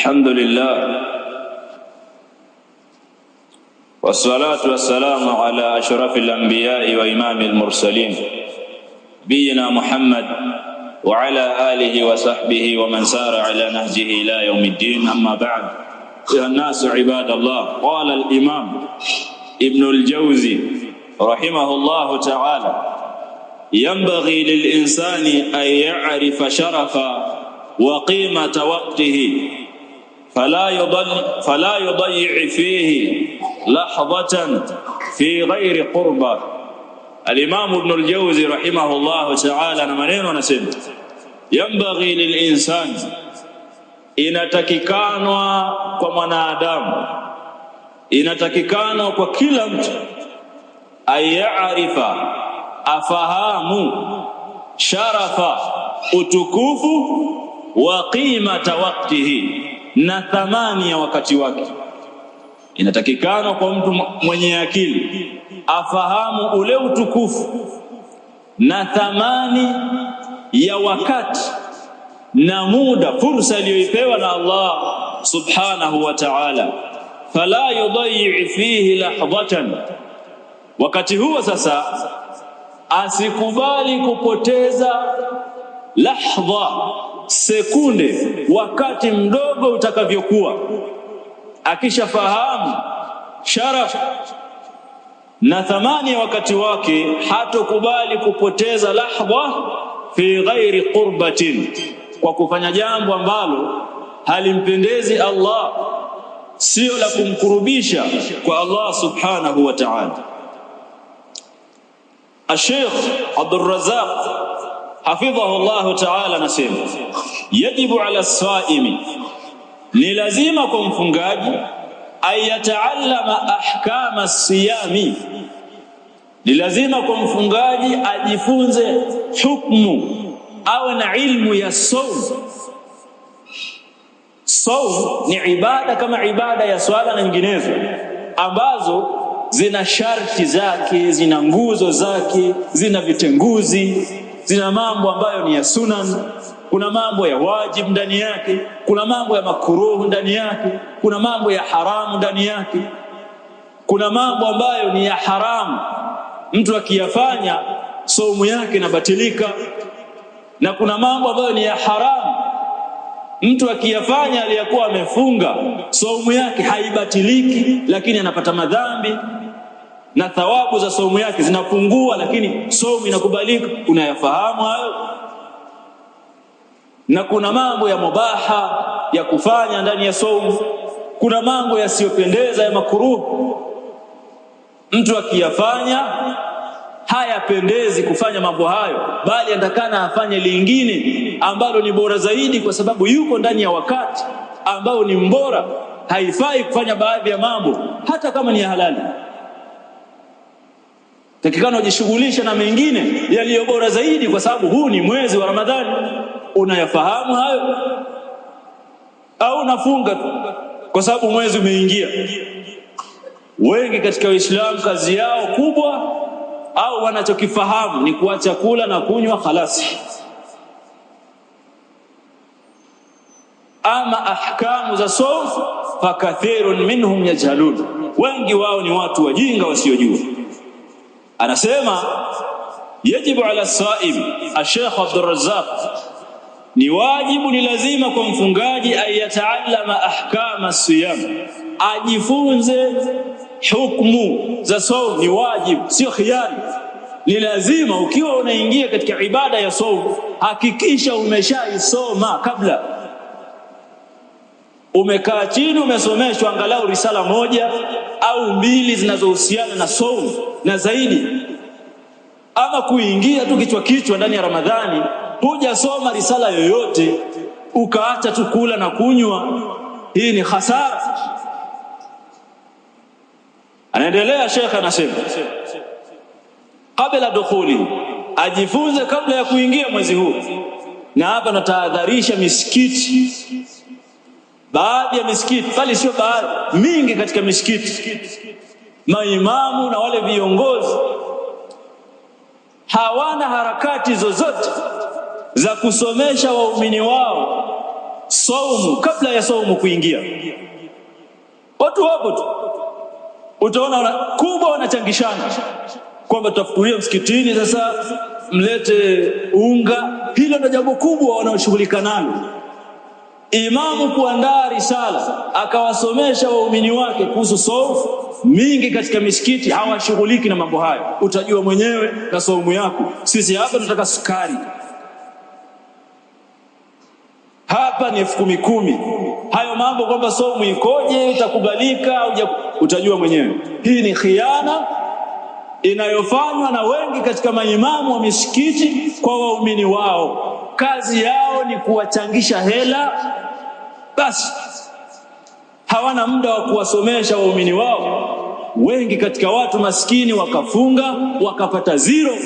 الحمد لله والصلاة والسلام على أشرف الأنبياء وإمام المرسلين بينا محمد وعلى آله وصحبه ومن سار على نهجه إلى يوم الدين أما بعد يا الناس عباد الله قال الإمام ابن الجوزي رحمه الله تعالى ينبغي للإنسان أن يعرف شرف وقيمة وقته فلا fala yudayyi fihi lahdatan fi ghairi qurba. Alimamu Ibn al-Jawzi rahimahullahu ta'ala na maneno anasema, yambaghi lilinsan, inatakikanwa kwa mwanadamu, inatakikanwa kwa kila mtu ayarifa, afahamu sharafa, utukufu wa qimata waqtihi na thamani ya wakati wake. Inatakikana kwa mtu mwenye akili afahamu ule utukufu na thamani ya wakati na muda, fursa iliyoipewa na Allah subhanahu wa ta'ala, fala yudayyi fihi lahdatan. Wakati huo sasa asikubali kupoteza lahdha sekunde, wakati mdogo utakavyokuwa. Akishafahamu sharaf na thamani ya wakati wake, hatokubali kupoteza lahdha fi ghairi qurbatin, kwa kufanya jambo ambalo halimpendezi Allah, sio la kumkurubisha kwa Allah subhanahu wa ta'ala. Sheikh Razzaq hafidhahu llahu taala anasema, yajibu ala saimi, ni lazima kwa mfungaji ayataallama ahkama siyami, ni lazima kwa mfungaji ajifunze hukmu, awe na ilmu ya saum. Saum ni ibada kama ibada ya swala na nyinginezo ambazo zina sharti zake, zina nguzo zake, zina vitenguzi zina mambo ambayo ni ya sunan, kuna mambo ya wajib ndani yake, kuna mambo ya makuruhu ndani yake, kuna mambo ya haramu ndani yake, kuna mambo ambayo ni ya haramu. Mtu akiyafanya saumu yake inabatilika, na kuna mambo ambayo ni ya haramu. Mtu akiyafanya aliyakuwa amefunga saumu yake haibatiliki, lakini anapata madhambi na thawabu za somu yake zinapungua, lakini somu inakubalika. Unayafahamu hayo, na kuna mambo ya mubaha ya kufanya ndani ya somu kuna mambo yasiyopendeza ya makuruhu. Mtu akiyafanya hayapendezi kufanya mambo hayo, bali anatakana afanye lingine ambalo ni bora zaidi, kwa sababu yuko ndani ya wakati ambao ni mbora. Haifai kufanya baadhi ya mambo hata kama ni ya halali takikana ujishughulishe na mengine yaliyo bora zaidi, kwa sababu huu ni mwezi wa Ramadhani. Unayafahamu hayo au unafunga tu kwa sababu mwezi umeingia? Wengi katika Waislamu kazi yao kubwa au wanachokifahamu ni kuacha kula na kunywa khalasi. Ama ahkamu za sofu, fakathirun minhum yajhalun, wengi wao ni watu wajinga wasiojua anasema yajibu ala saim Sheikh Abdul Razzaq, ni wajibu ni lazima kwa mfungaji ayataallama ahkama siyam, ajifunze hukmu za saum. Ni wajibu, sio khiari, ni lazima. Ukiwa unaingia katika ibada ya saum, hakikisha umeshaisoma kabla. Umekaa chini, umesomeshwa angalau risala moja au mbili zinazohusiana na saum na zaidi, ama kuingia tu kichwa kichwa ndani ya Ramadhani, hujasoma risala yoyote ukaacha tu kula na kunywa, hii ni hasara. Anaendelea shekhe, anasema kabla dukhuli, ajifunze kabla ya kuingia mwezi huu. Na hapa natahadharisha misikiti, baadhi ya misikiti, bali sio baadhi, mingi katika misikiti maimamu na wale viongozi hawana harakati zozote za kusomesha waumini wao saumu kabla ya saumu kuingia. Watu wapo tu, utaona kubwa wanachangishana kwamba tutafukuria msikitini, sasa mlete unga. Hilo ndio jambo kubwa wanaoshughulika nalo. Imamu kuandaa risala akawasomesha waumini wake kuhusu saumu mingi katika misikiti hawashughuliki na mambo hayo, utajua mwenyewe na saumu yako. Sisi hapa tunataka sukari, hapa ni elfu kumi kumi. Hayo mambo kwamba saumu ikoje, itakubalika, utajua mwenyewe. Hii ni khiana inayofanywa na wengi katika maimamu wa misikiti kwa waumini wao. Kazi yao ni kuwachangisha hela basi, hawana muda wa kuwasomesha waumini wao wengi katika watu maskini wakafunga wakapata zero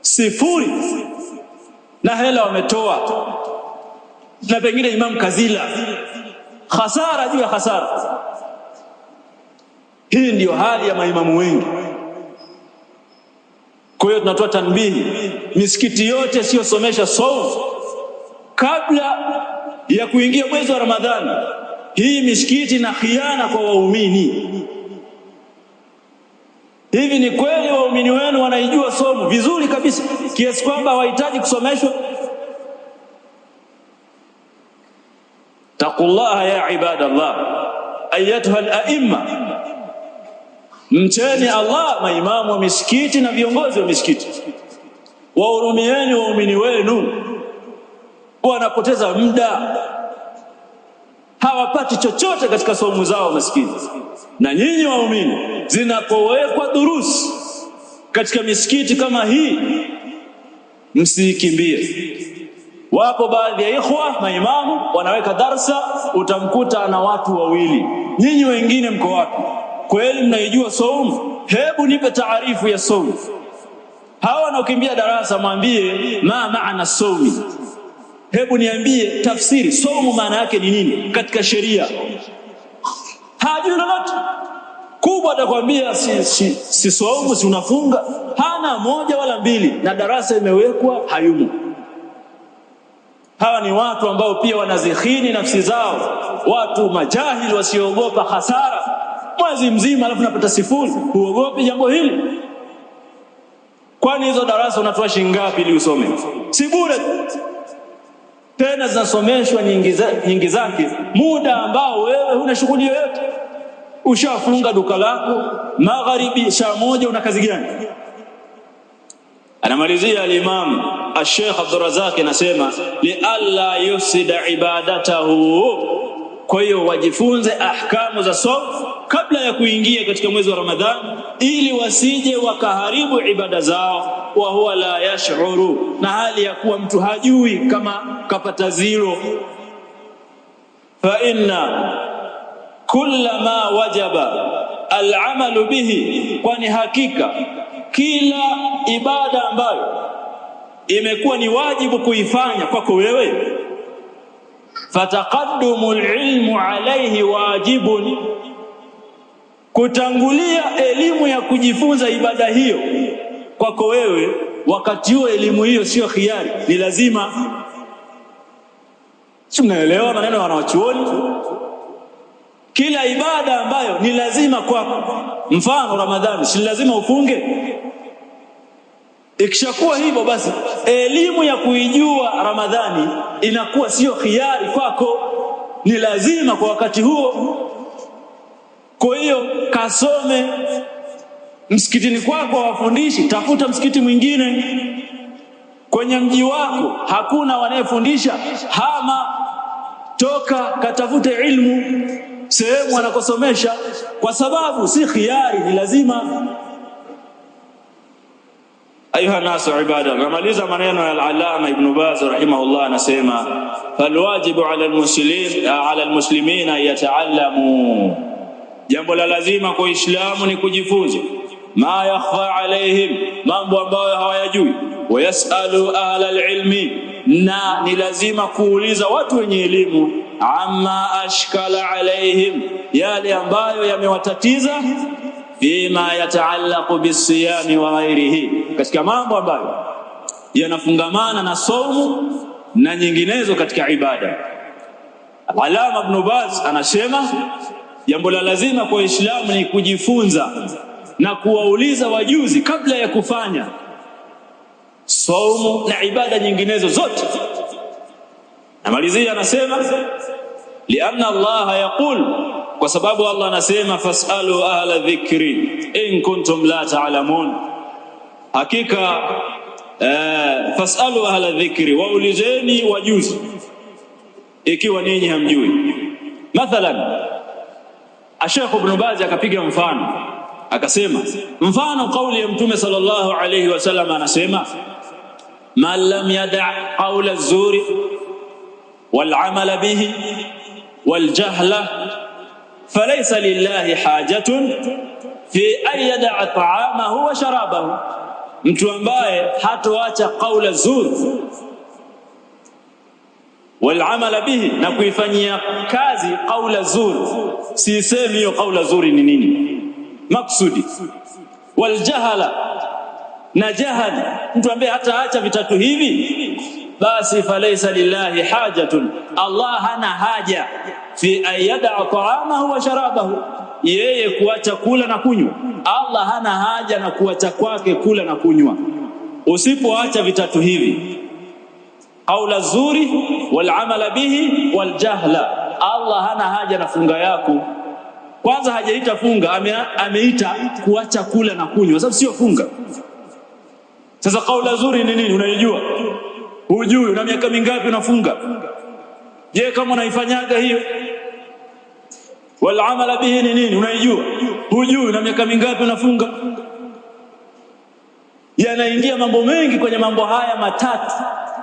sifuri, na hela wametoa, na pengine Imam Kazila, hasara juu ya hasara. Hii ndiyo hali ya maimamu wengi. Kwa hiyo tunatoa tanbihi, misikiti yote siyosomesha saumu kabla ya kuingia mwezi wa Ramadhani, hii misikiti na khiana kwa waumini. Hivi ni kweli waumini wenu wanaijua somo vizuri kabisa kiasi kwamba hawahitaji kusomeshwa? Taqullaha ya ibadallah ayatuha alaimma, mcheni Allah maimamu wa misikiti na viongozi wa misikiti, wahurumieni waumini wenu, wanapoteza muda hawapati chochote katika saumu zao maskini. Na nyinyi waumini, zinapowekwa durusi katika misikiti kama hii, msikimbie. Wapo baadhi ya ikhwa maimamu wanaweka darsa, utamkuta ana watu wawili. Nyinyi wengine mko wapi? Kweli mnaijua saumu? Hebu nipe taarifu ya saumu. Hawa wanaokimbia darasa, mwambie ma maana saumi Hebu niambie tafsiri, somo maana yake ni nini katika sheria? Hajui lolote kubwa, atakwambia si, si, si somo si unafunga. Hana moja wala mbili, na darasa imewekwa hayumo. Hawa ni watu ambao pia wanazihini nafsi zao, watu majahili wasiogopa hasara. Mwezi mzima alafu napata sifuri, huogopi jambo hili? Kwani hizo darasa unatoa shilingi ngapi ili usome? Si bure tena zinasomeshwa nyingi, nyingi zake muda ambao wewe huna shughuli yoyote. Ushafunga duka lako magharibi saa moja, una kazi gani? Anamalizia alimam ashekh al-Sheikh Abdurrazak anasema, lialla yufsida ibadatahu. Kwa hiyo wajifunze ahkamu za somo kabla ya kuingia katika mwezi wa Ramadhani, ili wasije wakaharibu ibada zao wa huwa la yash'uru, na hali ya kuwa mtu hajui kama kapata zero. Fa inna kulla ma wajaba al'amalu bihi, kwani hakika kila ibada ambayo imekuwa ni wajibu kuifanya kwako wewe, fataqaddumu alilmu alayhi wajibun, kutangulia elimu ya kujifunza ibada hiyo kwako wewe, wakati huo elimu hiyo sio khiari, ni lazima. Si mnaelewa maneno wanawachuoni? Kila ibada ambayo ni lazima kwako, mfano Ramadhani, si lazima ufunge? Ikishakuwa hivyo basi, elimu ya kuijua Ramadhani inakuwa sio khiari kwako, ni lazima kwa wakati huo. Kwa hiyo kasome msikitini kwako hawafundishi, tafuta msikiti mwingine. Kwenye mji wako hakuna wanayefundisha, hama, toka katafute ilmu sehemu wanakosomesha, kwa sababu si khiari, ni lazima. Ayuha nasu ibada, namaliza maneno ya al-Allama Ibn Baz rahimahullah, anasema falwajibu ala almuslim ala almuslimina yataallamu, jambo la lazima kwa Uislamu ni kujifunza ma yakhfa alayhim, mambo ambayo hawayajui. Wayasalu ahla alilmi, na ni lazima kuuliza watu wenye elimu. Amma ashkala alayhim, yale ambayo yamewatatiza. Fima yataallaqu bisiyami wa ghairihi, katika mambo ambayo yanafungamana na somu na nyinginezo katika ibada. Alama Ibn Baz anasema jambo la lazima kwa Uislamu ni kujifunza na kuwauliza wajuzi kabla ya kufanya saumu na ibada nyinginezo zote. Namalizia anasema lianna Allah yaqul, kwa sababu Allah anasema fasalu ahla dhikri in kuntum la taalamun, hakika uh, fasalu ahla dhikri, waulizeni wajuzi ikiwa ninyi hamjui. Mathalan, Sheikh Ibn Baz akapiga mfano Akasema mfano kauli ya Mtume sallallahu alayhi wasallam anasema, man lam yada qawla zuri wal amala bihi wal jahla falaysa lillahi hajatun fi an yada'a ta'amahu wa sharabahu, mtu ambaye hatoacha kaula zuri wal amala bihi, na kuifanyia kazi kaula zuri. Siisemi hiyo kaula zuri ni nini maksudi waljahala na jahali. Mtu ambaye acha vitatu hivi, basi falaisa lillahi hajatun, Allah hana haja fi ayyadaa taamahu wa sharabahu, yeye kuacha kula na kunywa. Allah hana haja na kuacha kwake kula na kunywa. Usipoacha vitatu hivi, qaula zuri wal amala bihi wal jahla, Allah hana haja na funga yako kwanza hajaita funga, ameita kuacha kula na kunywa, sababu sio funga. Sasa kaula zuri ni nini? Unaijua? Hujui? Una miaka mingapi unafunga? Je, kama unaifanyaga hiyo? Wal bihi ni nini? Unaijua? Hujui? Una miaka mingapi unafunga? Yanaingia mambo mengi kwenye mambo haya matatu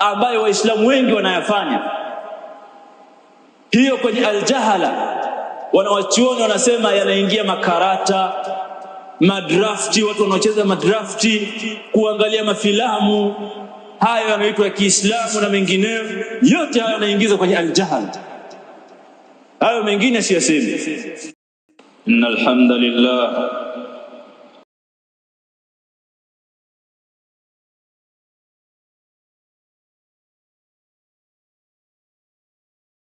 ambayo Waislamu wengi wanayafanya, hiyo kwenye aljahala Wanawachuoni wanasema yanaingia makarata, madrafti, watu wanaocheza madrafti, kuangalia mafilamu hayo yanaitwa ya Kiislamu na mengineyo yote hayo yanaingiza kwenye aljahl. Hayo mengine siyasemi. Innal hamdalillah